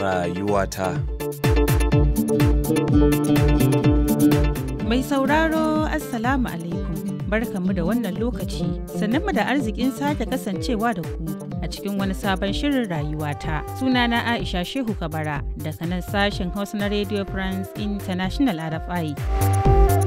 Rayuwata Mai sauraro Assalamu alaikum barkanmu da wannan lokaci sannanmu da arzikin sake kasancewa da ku a cikin wani sabon shirin rayuwata sunana Aisha Shehu Kabara daga nan sashen Hausa na Radio France International RFI.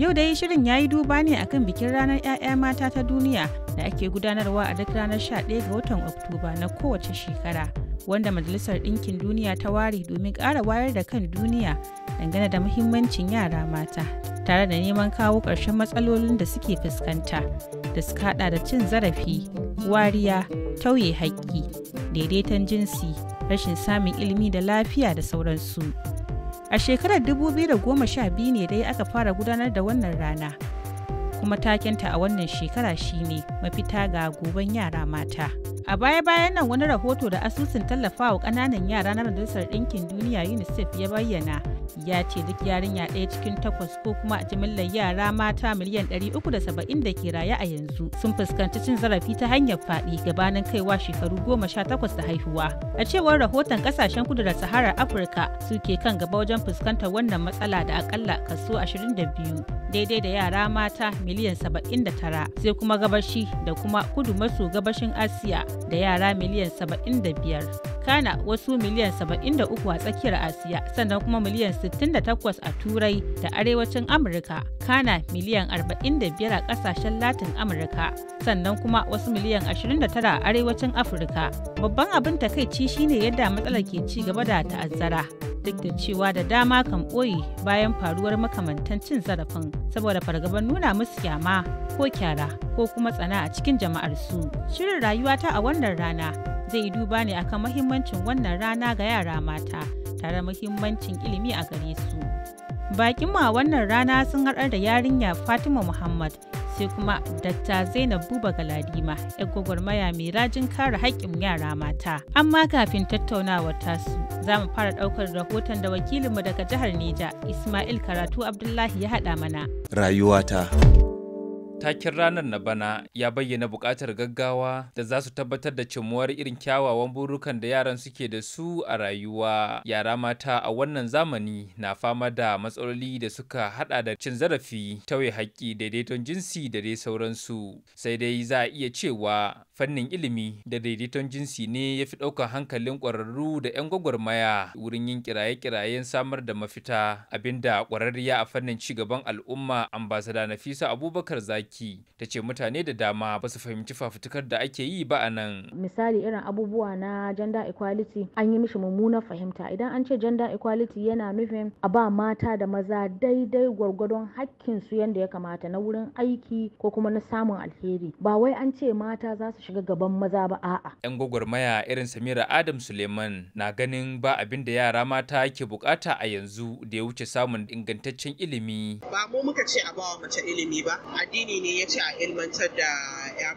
Yau da dai shirin ya yi duba ne akan bikin ranar 'ya'ya mata ta duniya da ake gudanarwa a duk ranar 11 ga watan Oktoba na kowace shekara, wanda Majalisar Ɗinkin Duniya ta ware domin ƙara wayar da kan duniya dangane da muhimmancin yara mata, tare da neman kawo ƙarshen matsalolin da suke fuskanta, da suka haɗa da cin zarafi, wariya, tauye haƙƙi, daidaiton jinsi, rashin samun ilimi da lafiya da sauransu. A shekarar 2012 ne dai aka fara gudanar da wannan rana. Kuma takenta a wannan shekara shine mafita ga goben yara mata. A baya-bayan nan wani rahoto da asusun tallafawa ƙananan yara na Majalisar Ɗinkin Duniya UNICEF ya bayyana ya ce duk yarinya ɗaya cikin takwas ko kuma a jimillar yara mata miliyan ɗari uku da saba'in ke raye a yanzu sun fuskanci cin zarafi ta hanyar faɗi gabanin kaiwa shekaru goma sha takwas da haihuwa a cewar rahoton ƙasashen kudu da saharar afirka su ke kan gaba wajen fuskantar wannan matsala da akalla kaso 22 daidai da yara mata miliyan saba'in da tara, sai kuma gabashi da kuma kudu maso gabashin asiya da yara miliyan saba'in da biyar. kana wasu miliyan 73 a tsakiyar asiya sannan kuma miliyan 68 a turai da arewacin amurka kana miliyan 45 a ƙasashen latin amurka sannan kuma wasu miliyan 29 a arewacin afirka babban abin takaici shine yadda matsalar ke ci gaba da ta'azzara duk da cewa da dama kan ɓoye bayan faruwar makamantan cin zarafin saboda fargabar nuna musu kyama ko kyara ko kuma tsana a cikin jama'ar su. Shirin rayuwata a wannan rana zai yi duba ne akan mahimmancin wannan rana ga yara mata tare mahimmancin ilimi a gare su. Bakin ma wannan rana sun haɗar da yarinya Fatima Muhammad sai kuma Dr. Zainab Buba Galadima, 'yar gwagwarmaya mai rajin kare haƙƙin yara mata. Amma kafin tattaunawar tasu, za mu fara ɗaukar rahoton da wakilinmu daga jihar nija Ismail Karatu Abdullahi ya haɗa mana. Rayuwata. takin ranar na bana ya bayyana buƙatar gaggawa da za su tabbatar da cimuwar irin kyawawan burukan da yaran suke da su a rayuwa yara mata a wannan zamani na fama da matsaloli da suka hada da cin zarafi tauye haƙƙi daidaiton jinsi da dai sauransu sai dai za a iya cewa fannin ilimi da daidaiton jinsi ne ya fi ɗaukar hankalin ƙwararru da 'yan gwagwarmaya wurin yin kiraye-kirayen samar da mafita abinda ƙwararriya a fannin cigaban al'umma ambasada nafisa abubakar zaki tsaki ta ce mutane da dama ba su fahimci fafutukar da ake yi ba a nan misali irin abubuwa na gender equality an yi mishi mummunar fahimta idan an ce gender equality yana nufin a ba mata da maza daidai gwargwadon hakkin su yadda ya kamata na wurin aiki ko kuma na samun alheri ba wai an ce mata za su shiga gaban maza ba a'a yan gwagwarmaya irin samira adam suleiman na ganin ba abin da yara mata ke bukata a yanzu da ya wuce samun ingantaccen ilimi ba mu muka ce a bawa mace ilimi ba addini ne ya ce a ilmantar da ya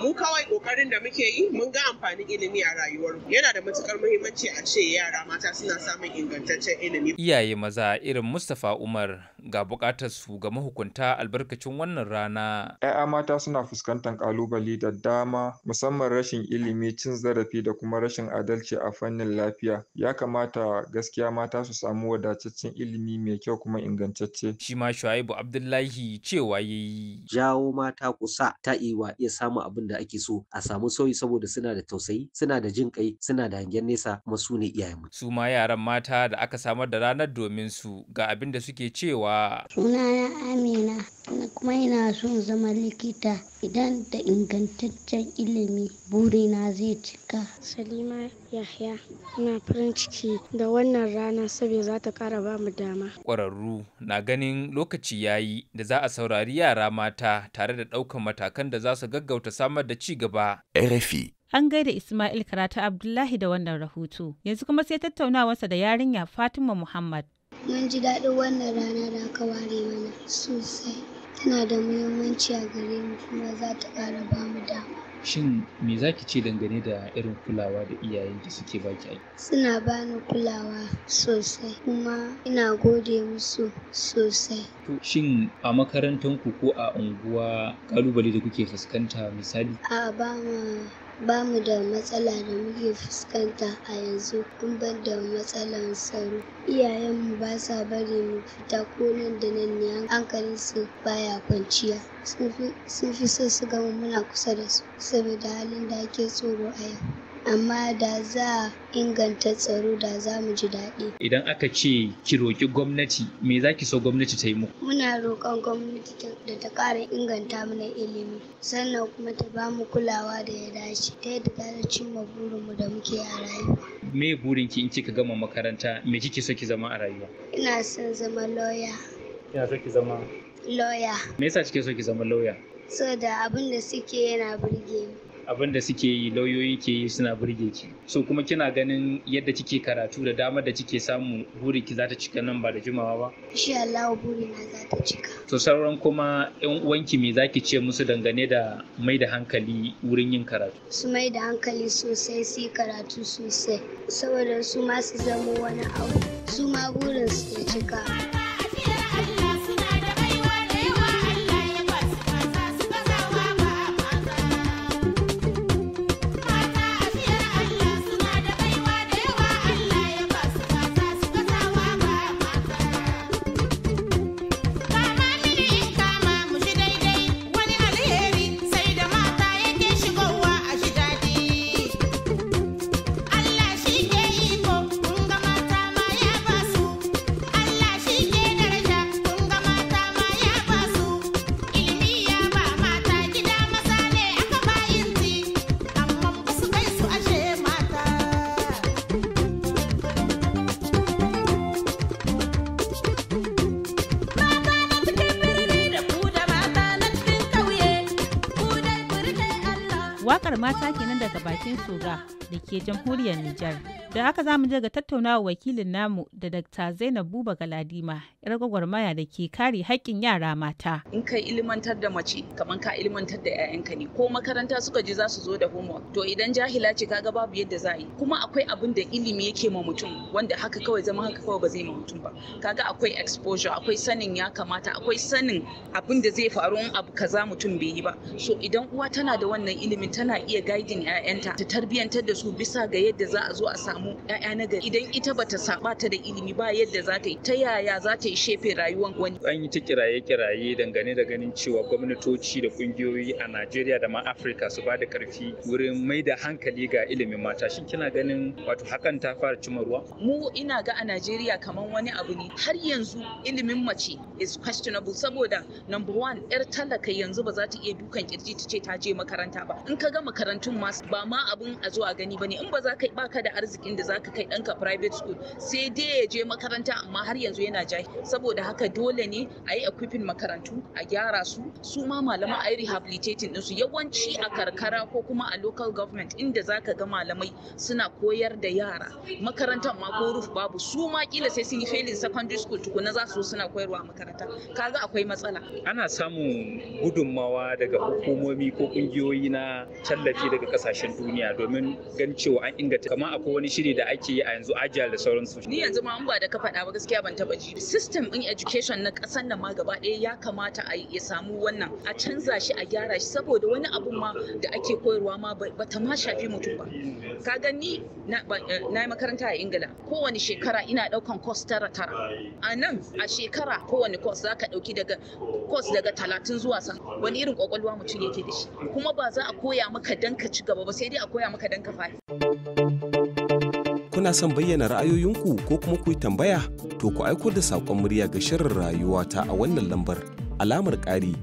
mu kawai kokarin da muke yi mun ga amfanin ilimi a rayuwar yana da matukar muhimmanci a ce yara mata suna samun ingantaccen ilimi iyaye maza irin Mustapha Umar ga bukatar su ga mahukunta albarkacin wannan rana ƴaƴa mata suna fuskantar kalubale da dama musamman rashin ilimi cin zarafi da kuma rashin adalci a fannin lafiya ya kamata gaskiya mata su samu wadataccen ilimi mai kyau kuma ingantacce Shima ma Shuaibu Abdullahi cewa yayi jawo mata kusa ta iwa rayuwa iya samun abin da ake so a samu sauyi saboda suna da tausayi suna da jin kai suna da hangen nesa kuma su ne mu. su ma yaran mata da aka samar da ranar domin su ga abin da suke cewa. Suna na amina kuma ina son zama likita idan da ingantaccen ilimi burina zai cika. salima yahya ina farin ciki da wannan rana saboda za ta kara ba mu dama. ƙwararru na ganin lokaci yayi da za a saurari yara mata tare da ɗaukan matakan da za za su gaggauta samar da ci gaba. RFI an gaida Ismail Karatu Abdullahi da wannan rahoto. Yanzu kuma sai tattaunawarsa da yarinya Fatima Muhammad. Mun ji daɗin wannan rana da aka ware mana sosai. Tana da muhimmanci a gare mu kuma za ta ƙara ba mu dama. Shin me za ki ce dangane da irin kulawa da iyayenki suke baki a Suna bani kulawa sosai kuma ina gode musu sosai. Shin a makarantanku ko a unguwa kalubale da kuke fuskanta misali? A'a ba ma Ba mu da matsala da muke fuskanta a yanzu in ban da matsalan tsaro. Iyayenmu ba sa bari mu fita ko nan da nan ne ba baya kwanciya. Sun fi so su gama muna kusa da su saboda halin da ake tsoro a yau. amma da za inganta tsaro da za mu ji daɗi. Idan aka ce ki roƙi gwamnati me za ki so gwamnati ta yi muku? Muna roƙon gwamnati da ta ƙara inganta mana ilimi sannan kuma ta ba mu kulawa da ya dace ta yadda za ta cimma burinmu da muke a rayuwa. Me burinki in kika gama makaranta me kike so ki zama a rayuwa? Ina son zama lawyer. Ina so ki zama? Lawyer. Me yasa kike so ki zama lawyer? So da abin da suke yana burge ni. abin da suke yi lauyoyi ke yi suna burge ki so kuma kina ganin yadda kike karatu da damar da kike samu buri ki za ta cika nan ba da jimawa ba insha Allah buri na za ta cika to sauran kuma yan uwanki me zaki ce musu dangane da mai da hankali wurin yin karatu su mai da hankali sosai su yi karatu sosai saboda su ma su zama wani abu su ma burin su cika Wakar mata kenan daga bakin Soga da ke jamhuriyar Nijar. Da haka za mu je ga tattaunawa wakilin namu da Dr. Zainab Buba Galadima, 'yar gwagwarmaya da ke kare haƙƙin yara mata. In ka ilmantar da mace, kamar ka ilmantar da 'ya'yanka ne, ko makaranta suka je za su zo da homework. To idan jahila ce kaga babu yadda za yi. Kuma akwai abin da ilimi yake ma mutum, wanda haka kawai zama haka kawai ba zai ma mutum ba. Kaga akwai exposure, akwai sanin ya kamata, akwai sanin abin da zai faru in abu kaza mutum bai yi ba. So idan uwa tana da wannan ilimin tana iya guiding 'ya'yanta ta tarbiyyantar da su bisa ga yadda za a zo a samu samu ƴaƴa na gari idan ita bata saba ta da ilimi ba yadda za ta yi ta yaya za ta yi shefe rayuwar wani an yi ta kiraye kiraye dangane da ganin cewa gwamnatoci da kungiyoyi a Najeriya da ma Afirka su ba da karfi wurin mai da hankali ga ilimin mata shin kina ganin wato hakan ta fara cimma ruwa mu ina ga a Najeriya kamar wani abu ne har yanzu ilimin mace is questionable saboda number one yar talaka yanzu ba za ta iya dukan kirji ta ce ta je makaranta ba in ka ga makarantun ma ba ma abun a zuwa gani ba ne, in ba za ka baka da arzikin inda zaka kai ɗanka private school sai dai ya je makaranta amma har yanzu yana jahi saboda haka dole ne a yi equipping makarantu a gyara su su ma malaman a yi rehabilitating ɗinsu yawanci a karkara ko kuma a local government inda zaka ga malamai suna koyar da yara makarantar ma ko roof babu su ma kila sai sun yi failing secondary school tukuna za su suna koyarwa a makaranta kaga akwai matsala ana samun gudummawa daga hukumomi ko kungiyoyi na tallafi daga kasashen duniya domin gan cewa an inganta kamar akwai wani shi shiri da ake yi a yanzu ajiyar da sauransu ni yanzu ma an ba da ka faɗa ba gaskiya ban taba ji system in education na ƙasar nan ma gaba ɗaya ya kamata a ya samu wannan a canza shi a gyara shi saboda wani abu ma da ake koyarwa ma ba ta ma shafi mutum ba ka gani eh, na yi makaranta a ingila kowane shekara ina ɗaukan course tara tara a nan a shekara kowane course za ka ɗauki daga course daga talatin zuwa san wani irin kwakwalwa mutum yake da shi kuma ba za a koya maka dan ka ci gaba ba sai dai a koya maka dan ka fahimta kuna son bayyana ra'ayoyinku ko kuma ku yi tambaya to ku aiko da saƙon murya ga shirin rayuwa ta a wannan lambar alamar ƙari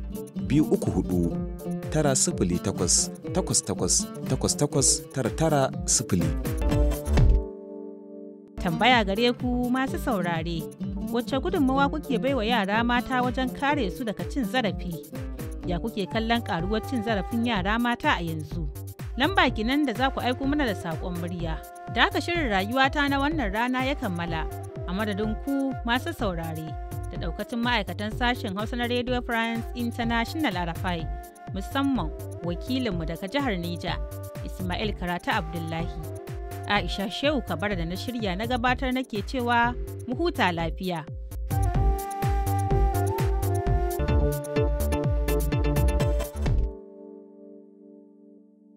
biyu uku hudu tara sifili takwas takwas takwas takwas takwas tara tara sifili. Tambaya gare ku masu saurare, wacce gudunmawa kuke baiwa yara mata wajen kare su daga cin zarafi? Ya kuke kallon ƙaruwar cin zarafin yara mata a yanzu? Lamba nan da za ku aiko mana da saƙon murya. Da haka shirin rayuwata na wannan rana ya kammala a madadin ku masu saurare da ɗaukacin ma'aikatan sashen Hausa na Radio France International RFI musamman wakilinmu daga jihar Nija Ismail Karatu Abdullahi. Aisha Shehu Kabara da na shirya na gabatar nake cewa mu huta lafiya.